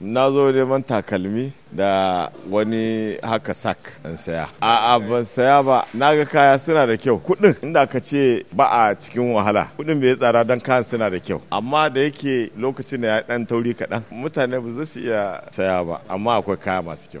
na zo neman takalmi da wani haka sak in saya a ban saya ba na ga kaya suna da kyau kudin inda ka ce ba a cikin wahala kudin bai tsara don kayan suna da kyau amma da yake lokacin da ya dan tauri kaɗan mutane ba za su iya saya ba amma akwai kaya masu kyau